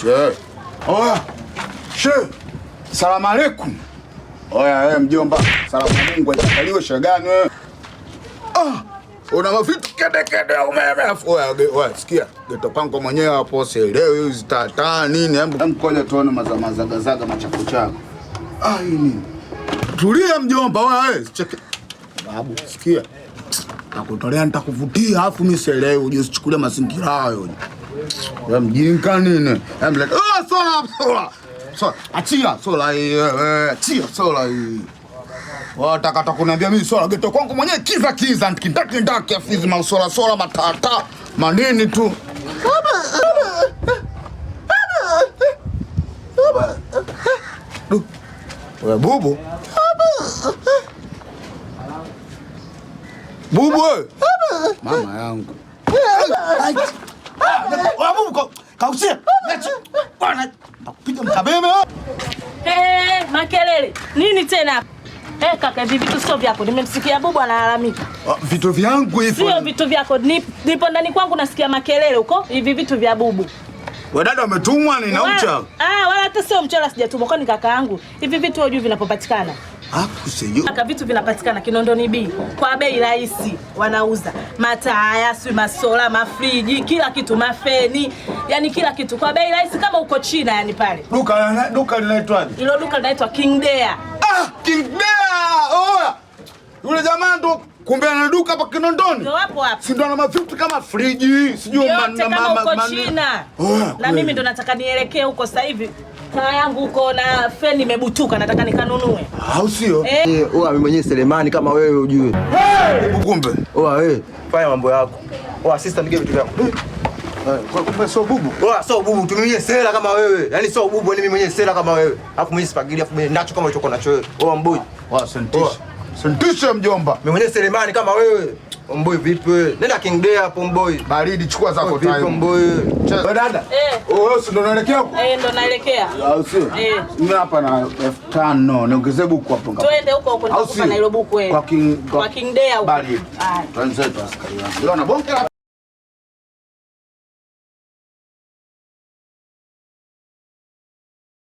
She. Oya. She. Salamu aleikum. Oya wewe mjomba. Salamu Mungu atakaliwe shagani we? Ah. Una mavitu kede kede ya umeme afu. Oya, oya, sikia. Geto pango mwenyewe hapo sielewi hizi zitataa nini. Hebu ngoja tuone mazamaza gazaga machako chako. Ah, hii nini? Tulia mjomba wewe. Cheke. Babu, sikia. Nakutolea nitakuvutia afu mimi sielewi, usichukulie mazingira hayo. Mjinga nini? Ah, achia sola hii eh, wewe, eh, achia sola hii. Eh. Watakata kuniambia mimi sola geto kwangu mwenyewe kiza kiza ndaki ndaki afizi masola sola matata manini tu. Wewe bubu. Bubu wewe. Mama yangu makelele nini tena? hivi vitu sio vyako. Nimemsikia bubu analalamika. vitu vyangu hivyo sio vitu vyako. Nipo ndani kwangu nasikia makelele huko, hivi vitu vya bubu Wadada wametumwa ni na ucha. Ah, wala hata sio mchela sijatumwa kwani kaka yangu. Hivi vitu hujui vinapopatikana. Hakuseyo. Kaka vitu vinapatikana Kinondoni B kwa bei rahisi wanauza. Mataya, si masola, mafriji, kila kitu, mafeni. Yaani kila kitu kwa bei rahisi kama uko China yani pale. Duka duka linaitwaje? Hilo duka linaitwa King Dea. Ah, King Dea. Oh. Yule jamaa ndo kumbe ana duka hapa Kinondoni, ndio hapo hapo, si ndo ana mavitu kama friji sijui mama China. Ah, na mimi ndo nataka nielekee huko sasa hivi, taa yangu huko na feni imebutuka, nataka nikanunue, au sio? Eh. Mimi mwenyewe Selemani, kama wewe ujue. Kumbe eh, fanya mambo yako, sister, nige vitu vyako eh. Kumbe sio bubu. Oa, sio bubu. Tumie sela kama wewe. Yaani sio bubu, ni yaani mimi mwenyewe sela kama wewe. afu mwenye spagili, afu mwenye nacho kama ulichokuwa nacho wewe. Oa mboji. Oa, sentisha. Sintishe mjomba. Mimi mwenyewe Selemani kama wewe. Mboi vipi wewe? Nenda King Day hapo mboi. Baridi chukua zako time. Vipi mboi? Wewe dada? Eh. Wewe oh, si ndo unaelekea huko? Eh, ndo naelekea. Au si? Eh. Mimi hapa na 5000 niongezee buku hapo ngapi? Twende huko huko nakupa na ile Kwa King Kwa King Day huko. Baridi. Tuanze tu askari wangu. Leo na bonke